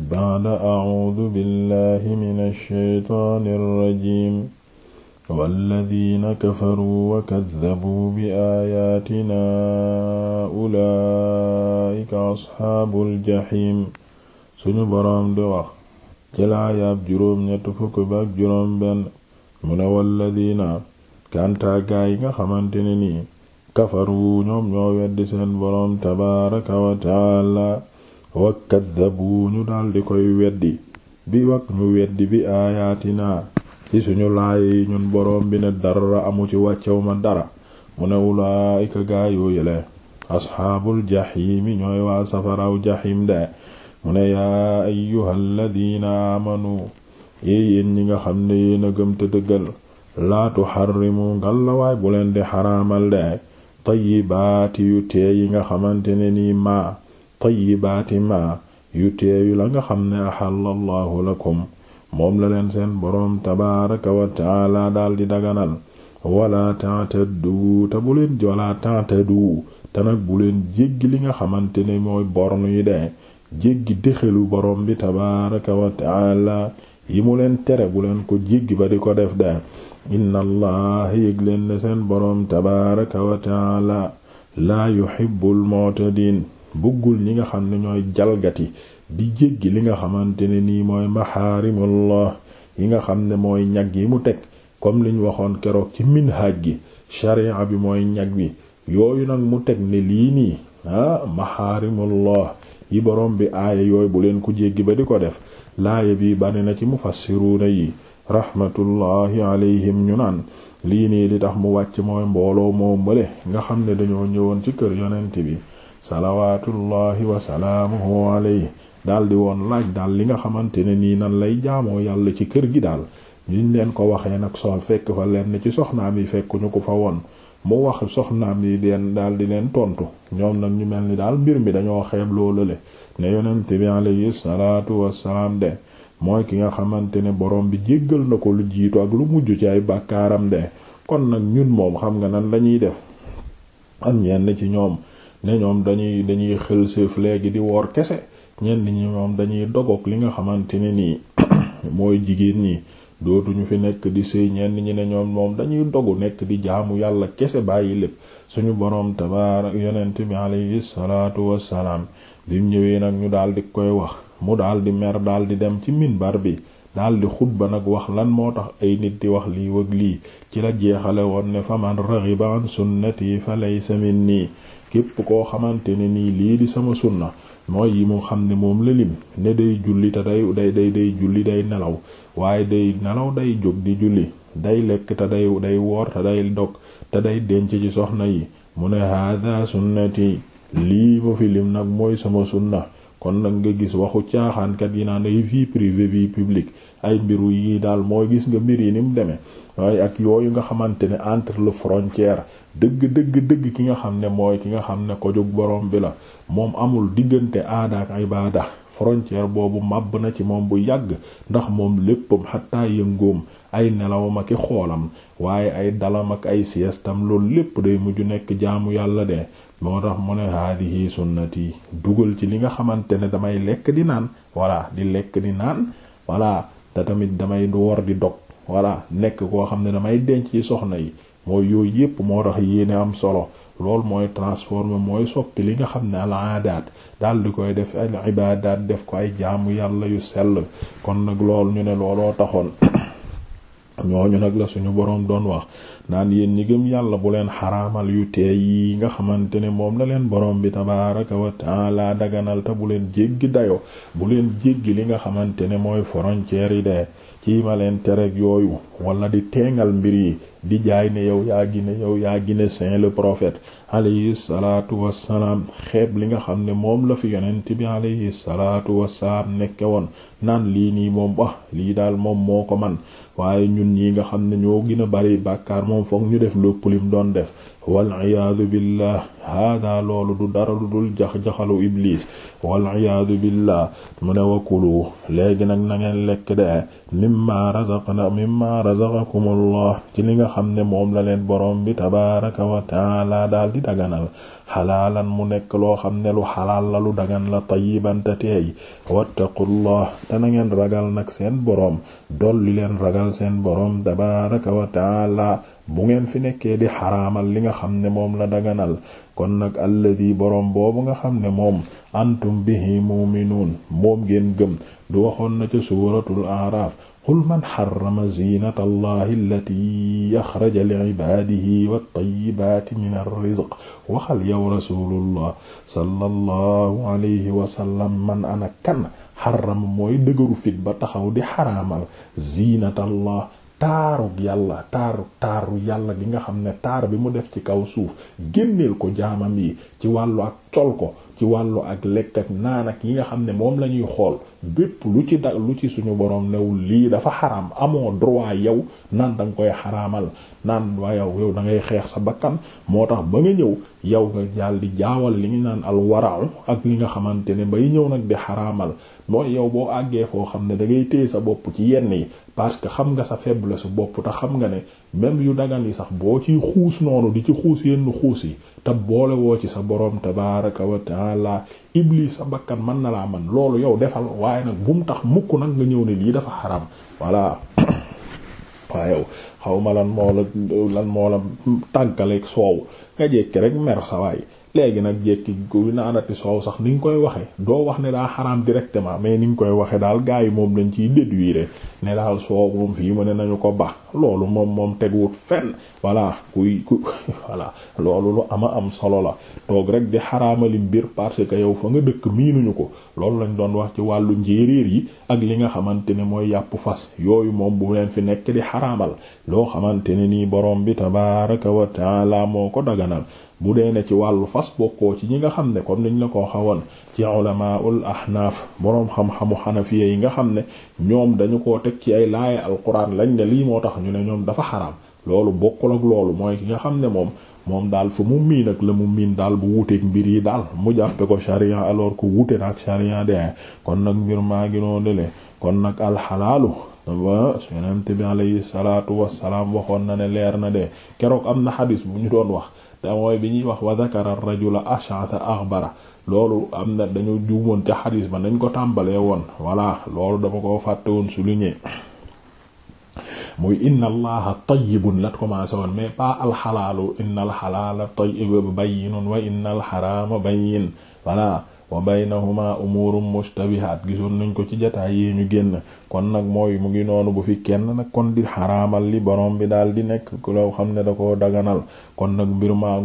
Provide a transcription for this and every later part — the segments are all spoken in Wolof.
ba'da a'uudu billahi mina shaytaani rajiim walladiina kafaruu wa kaddabuu bi aayaatinaa ulaa'ika asxaabul jaxiim suñu boroom di wax ci laayaab juróom ñett fukk ba ak juróom benn mu ne walladiina kàntaagaa yi nga xamante ne nii kafaru ñoom ñoo weddi seen boroom tabaaraka wa taala wa kaddabu ñu daldi koy weddi bi wax ñu weddi bi aayaatinaa ci suñu laaya yi ñun boroom bi ne dara amu ci wàccew ma dara mu ne ulaayika gaayoo yele asxaabul jaxiimi ñooy waa safaraw jaxiim de mu ne yaa ayyuhalladina amanu yéy yéen ñi nga xam ne yéen a dëggal laa tuxarrimu ngàllawaay bu leen di xaramal de tayyibaati yu tee yi nga xamante ne nii ma tayyibaati ma yu teeyu la nga xam ne axalla allahu lakum moom la leen seen boroom tabaaraka wa taala daal di daganal wala ta'taddu te bu leen nag bu leen jéggi li nga xamante ne mooy born yi de jéggi dexelu boroom bi tabaaraka wa taala yi mu leen tere bu leen ko jéggi ba di ko def de inna allah yëg leen ne seen boroom tabaaraka wa taala laa yuhibbul mu'tadin bëggul ñi nga xam ne ñooy jalgati di jéggi li nga xamante ne nii mooy maxaarimullah yi nga xam ne mooy ñag yi mu teg comme liñ waxoon keroog ci minhaj gi sharia bi mooy ñag wi yooyu nag mu teg ne lii nii ah maxaarimullah yi borom bi aaya yooyu bu leen ku jéggi ba di ko def laaya bi bari na ci mufassiruuna yi rahmatullahi alayhim ñu naan lii nii li tax mu wàcc mooy mbooloo moo mbale nga xam ne dañoo ñëwoon ci kër yonent bi salawaatullahi wasalaamuhu alayhi daal woon laaj daal li nga xamante ne nii nan lay jaamoo yàlla ci kër gi daal liñ leen ko waxee nag so fekk fa leen ci soxnaam yi fekkuñu ko fa woon mu wax soxnaam yi leen daal di leen tontu ñoom nag ñu mel ni daal mbir mi dañoo xeeb loolu le ne yonent bi alayhi salaatu wassalaam de mooy ki nga xamante ne borom bi jéggal na ko lu jiitu ak lu mujj ci ay bàkkaaram de kon nag ñun moom xam nga nan lañuy def am ñenn ci ñoom ne ñoom dañuy dañuy xel séef léegi di woor kese ñenn ñi moom dañuy dogook li nga xamante ne nii mooy jigéen ñi dootuñu fi nekk di sëy ñenn ñi ne ñoom moom dañuy dogu nekk di jaamu yàlla kese bàyyi lépp suñu boroom tabaar yonent bi alayhi salaatu wassalaam bim ñëwee nag ñu daal di koy wax mu daal di mer daal di dem ci minbar bi daldi xutba nag wax lan moo tax ay nit di wax lii wëg lii ci la jeexale woon ne faman raghiba an sunnati fa laysa nii képp koo xamante ne nii lii di sama sunna mooy yi mu xam ne moom la ne day julli te day day day julli day nelaw waaye day nelaw day jóg di julli day lekk te day day woor te day dog te day denc ci soxna yi mu ne haada sunnati lii mu fi lim nag mooy sama sunna kon nag nga gis waxu caaxaankat yi naan ay vie privée vie publique ay mbiru yi daal moo gis nga mbir yi ni mu demee waaye ak yooyu nga xamante ne entre le frontière dëgg dëgg dëgg ki nga xam ne mooy ki nga xam ne ko jóg borom bi la moom amul diggante aada ak ibaada frontière boobu màbb na ci moom bu yàgg ndax moom léppam xataa yëngoom ay nelawam ak i xoolam waaye ay dalam ak ay siestam loolu lépp day mujj nekk jaamu yàlla de moo tax mu ne haadihi sunnati dugal ci li nga xamante ne damay lekk di naan voilà di lekk di naan voilà te tamit damay war di dog voilà nekk koo xam ne damay denc ci soxna yi mooy yooyu yépp moo tax yéene am solo loolu mooy transformer mooy soppi li nga xam ne al aadaat daal di koy def al ibaadaat def ko ay jaamu yàlla yu sell kon nag loolu ñu ne looloo taxoon ñooñu nag la suñu boroom doon wax naan yéen ñi yàlla bu leen xaraamal yu teey yi nga xamante ne moom la leen boroom bi tabaaraka wa taala daganal te bu leen jéggi dayo bu leen jéggi li nga xamante ne mooy frontière yi de ci ma leen tereg yooyu wala di teengal mbir yi di jaay ne yow yaa gine yow yaa gine saint le prophète alayhi salaatu wassalaam xeeb li nga xam ne moom la fi yonent bi alayhi salaatu wassalaam nekke woon naan lii nii moom wax ah, lii daal moom moo ko man waaye ñun ñi nga xam ne ñoo gën a bari bàkkaar moom foog ñu def lépp lim doon def wal iyaadu billah hada loolu du dara lu dul jax-jaxalu iblis wal iyaadu billah mu ne wakulu léegi nag na lekk de mimma razaqna ci li nga xam ne moom la leen boroom bi tabaraka wa taala daal di daganal xalaalan mu nekk loo xam ne lu xalaal la lu dagan la tayibante teey wattaqullah te na ngeen ragal nag seen boroom dolli leen ragal seen boroom tabaraka wa taala bu ngeen fi nekkee di xaramal li nga xam ne moom la daganal kon nag alladi boroom boobu nga xam ne moom antum bihi mu'minun moom ngeen gëm du waxoon na ca suuratul aaraaf qul man xarama zinata allahi allati axraja li cibaadihi wattayibaati min arrisq waxal yow rasulullah sallallahu alayhi wasallam man ana kan xarama mooy dëgëru fit ba taxaw di xaraamal zinata allah taaru yàlla taaru taaru yàlla gi nga xam ne taar bi mu def ci kaw suuf génneel ko jaamam yi ci wàllu ak col ko ci wàllu ak lekk ak naan ak yi nga xam ne moom la ñuy xool bépp lu ci da ci suñu borom newul lii dafa xaram amoo droit yow naan da koy xaraamal naan waa yow yow da ngay xeex sa bakkan moo tax ba nga ñëw yow nga jàll di jaawal li ñu naan al waraaw ak li nga xamante ne bay ñëw nag di xaramal mooy yow boo àggee foo xam ne da ngay téye sa bopp ci yenn yi parce que xam nga sa su bopp te xam nga ne même yu dagan yi sax boo ci xuus noonu di ci xuus yenn xuus yi te boole woo ci sa boroom tabaraka wa taala iblis sa bakkan man na laa man loolu yow defal waaye nag bu mu tax mukk nag nga ñëw ne lii dafa xaram voilà waaye xaw ma lan moo la lan moo la soow nga jekki rek mer sa waay léegi nag jekki gu naanati soow sax ni nga koy waxe doo wax ne daa xaraam directement mais ni nga koy waxe daal gars yi moom lañ ciy déduire ne soo soow moom fii mu ne nañu ko ba loolu moom moom teguwut fenn voilà kuy ku voilà loolu lu ama am solo la toog rek di xaraamali mbir parce que yow fa nga dëkk miinuñu ko loolu lañ doon wax ci wàllu njéeréer yi ak li nga xamante ne mooy yàpp fas yooyu moom bu leen fi nekk di xaraamal loo xamante ne nii boroom bi tabaraka wa taala moo ko daganal bu dee ne ci wàllu fas bokkoo ci ñi nga xam ne comme niñ la ko xawoon ci ulamaul ahnaaf boroom xam-xamu yi nga xam ne rek ci ay laaye alquran lañ ne lii moo tax ñu ne ñoom dafa xaram loolu bokkul ak loolu mooy ki nga xam ne moom moom daal fa mu miin ak la mu miin daal bu wuteeg mbir yi daal mu jàppe ko charia alors que wute na ak charia de kon nag mbir maa ngi noo dele kon nag alxalaalu wa yonent bi alayhi salaatu wassalaam waxoon na ne leer na de keroog am na xadis bu ñu doon wax te bi ñuy wax wa zakara rajula ash'atha aghbara loolu am na dañu juumoon ca xadis ba nañ ko tàmbalee woon voilà loolu dama ko fàtte woon souligner muy inna allaha tayyibun lat commencé woon mais pas alxalaalu inna alxalaala ba bayyinun wa inna alxaraama bayyin voilà wa baynahuma umurum mushtabihat gisoon nañ ko ci jataay yi ñu génn kon nag mooy mu ngi noonu bu fi kenn nag kon di xaraamal li borom bi daal di nekk ku loo xam ne da ko daganal kon nag mbir maa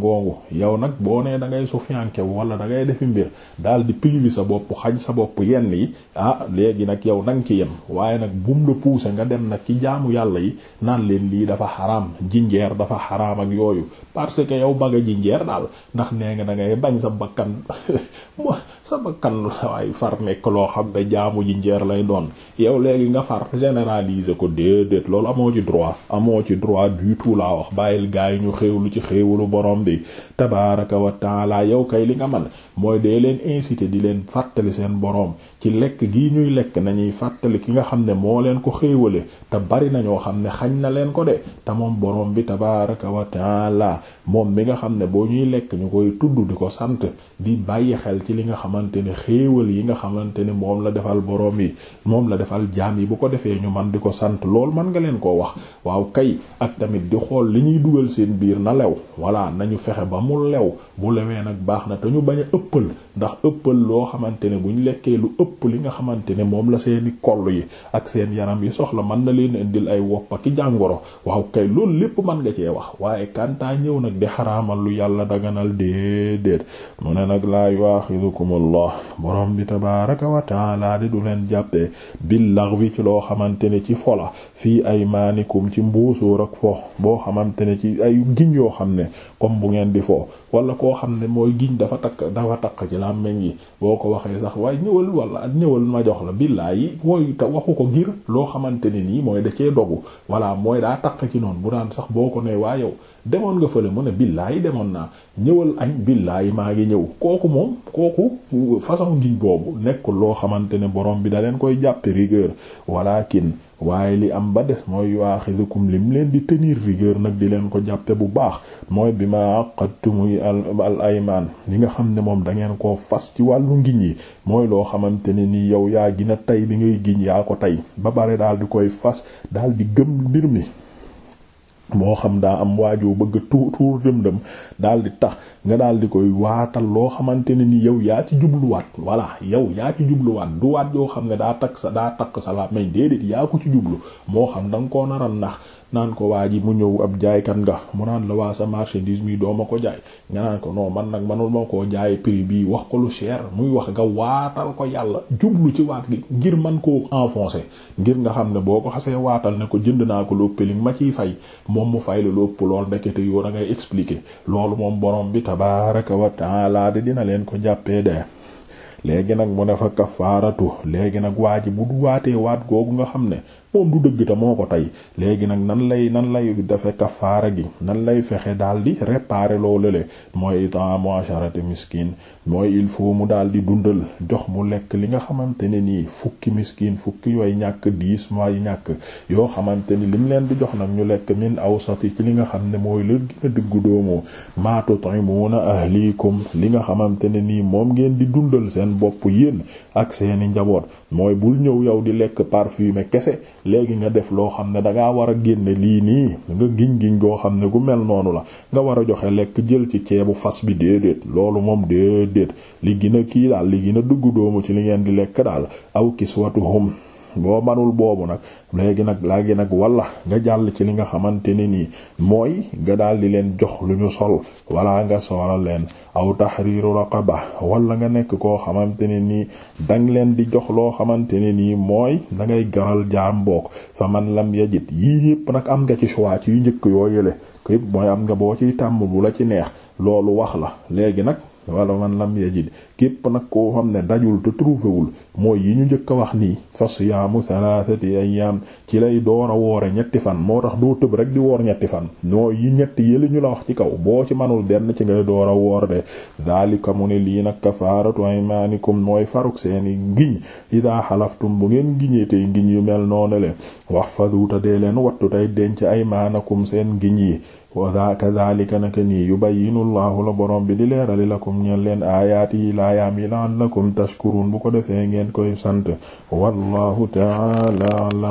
yow nag boo nee da ngay sufiyanke wala da ngay defi mbir daal di privé sa bopp xaj sa bopp yenn yi ah léegi nag yow nang ci yem waaye nag bum la pousser nga dem nag ki jaamu yàlla yi naan leen lii dafa xaraam jinjeer dafa xaraam ak yooyu parce que yow bëgg a jinjeer daal ndax nee nga da ngay bañ sa bakkan sa bakkan lu sa waay far nekk loo xam ne jaamu ji njeer lay doon yow léegi nga far généraliser ko déedéet loolu amoo ci droit amoo ci droit du tout laa wax bàyyil yi ñu lu ci xéewalu borom bi tabaaraka wa taala yow kay li nga man mooy dee leen inciter di leen fàttali seen boroom ci lekk gi ñuy lekk nañuy fàttali ki nga xam ne moo leen ko xéewale te bari na ñoo xam ne xañ na leen ko de te moom boroom bi tabaraka wa taala moom mi nga xam ne boo ñuy lekk ñu koy tudd di ko sant di bàyyi xel ci li nga xamante ne xéewal yi nga xamante ne moom la defal boroom yi moom la defal jaam yi bu ko defee ñu man di ko sant lool man nga leen koo wax waaw kay ak tamit di xool li ñuy dugal seen biir na lew walla nañu fexe ba mu lew bu lewee nag baax na te ëppal ndax ëppal loo xamante ne bu lekkee lu ëpp li nga xamante ne moom la seeni koll yi ak seen yaram yi soxla mën na leen indil ay woppa ki jàngoro waaw kay loolu lépp mën nga cee wax waaye kantaa ñëw nag di xaraamal lu yàlla daganal déedéet mu ne nag laa yuaxidukumullah boroom bi tabaraka wa taala di du leen jàppee bil laghwi ci loo xamante ne ci fola fii ay maanikum ci mbuusóor ak fo boo xamante ne ci ay giñ yoo xam ne comme bu ngeen di fo wala koo xam ne mooy giñ dafa takk dafa takk ci làmmiñ yi boo ko waxee sax waaye ñëwal wala ñëwal ma jox la billaahi mooy ta waxu ko ngir loo xamante ne nii mooy da cee dogu voilà mooy daa takk ci noonu bu daan sax boo ko ne waa yow demoon nga fële mu ne billaahi demoon naa ñëwal añ billaahi maa ngi ñëw kooku moom kooku façon ngiñ boobu nekkul loo xamante ne borom bi da leen koy jàppe rigueur walakin waaye li am ba des mooy yuaxidukum lim leen di tenir rigueur nag di leen ko jàppe bu baax mooy bi ma aqadtumuy al aymaan li nga xam ne moom da ngeen koo fas ci wàllu ngiñ ñi mooy loo xamante ne ni yow yaa gina tey bi ngay giñ yaa ko tey ba bare daal di koy fas daal di gëm mbir mi moo xam daa am waajoo bëgg tuur tuur dëm-dëm daal di tax nga daal di koy waatal loo xamante ne ni yow yaa ci jubluwaat voilà yow yaa ci jubluwaat du waat yoo xam ne daa takk sa daa takk sa la may déedéet yaa ko ci jublu moo xam da nga koo naral nax naan ko waa ji mu ñëw ab jaaykat nga mu naan la waa sa marchandise mi doo ma ko jaay nga naan ko noo man nag manul ma koo jaay prix bii wax ko lu cher muy wax nga waatal ko yàlla jublu ci waat gi ngir man koo enfoncé ngir nga xam ne boo ko xasee waatal ne ko jënd naa ko lu ëpp li ma ciy fay moom mu fay la lu ëpp lool ndekete yoo da ngay expliquer loolu moom borom bi tabaaraka wa ta'ala de dina leen ko jàppee de. léegi nag mu ne fa kafaaratu léegi nag waa ji bu waatee waat googu nga xam ne moom du dëgg te moo ko tey léegi nag nan lay nan lay defe kafaara gi nan lay fexe daal di réparer loolu le mooy itaamu asharati miskin mooy il faut mu daal di dundal jox mu lekk li nga xamante ne nii fukki miskin fukki yooy ñàkk diis mooy ñàkk yoo xamante ni lim leen di jox nag ñu lekk min awsati ci li nga xam ne mooy la gën a diggu doomu ma tut'imuna ahlikum li nga xamante ne nii moom ngeen di dundal seen bopp yéen ak seeni njaboot mooy bul ñëw yow di lekk parfumé kese léegi nga def loo xam ne dangaa war a génne lii nii nga giñ-giñ goo xam ne gu mel noonu la nga war a joxe lekk jël ci ceebu fas bi déedéet loolu moom déedéet li gin a kii daal li gin a dugg doomu ci li ngeen di lekk daal aw kiswatuhum boo manul boobu nag léegi nag léegi nag wala nga jàll ci li nga xamante ne nii mooy nga daal di leen jox lu ñu sol wala nga solal leen aw tahriru raqaba wala nga nekk koo xamante ne nii dang leen di jox loo xamante ne nii mooy da ngay garal jaam mbook fa man lan yejit yii yépp nag am nga ci choix ci yu njëkk yoo yële képp mooy am nga boo ciy tàmm bu la ci neex loolu wax la léegi nag wala man lam yajid képp nag koo xam ne dajul te trouvéwul mooy yi ñu njëkk a wax nii fa siyaamu thalathati ayyam ci lay door a woore ñetti fan moo tax doo tëb rek di woor ñetti fan mooy yi ñetti yëli ñu la wax ci kaw boo ci manul denn ci ngay door a woor de daalika mu ne lii nag kafaratu aymaanikum mooy faruk seeni ngiñ idaa xalaftum bu ngeen ngiñee tey ngiñ yu mel noonu le wax faduuta dee leen wattu tey denc aymaanakum seen ngiñ yi wa kadhalika naka nii yubayyinu llahu la borom bi di leerali lakum ñeen leen aayaati yi laayaam yi la'allakum tashkurun bu ko defee ngeen koy sant wallahu ta'ala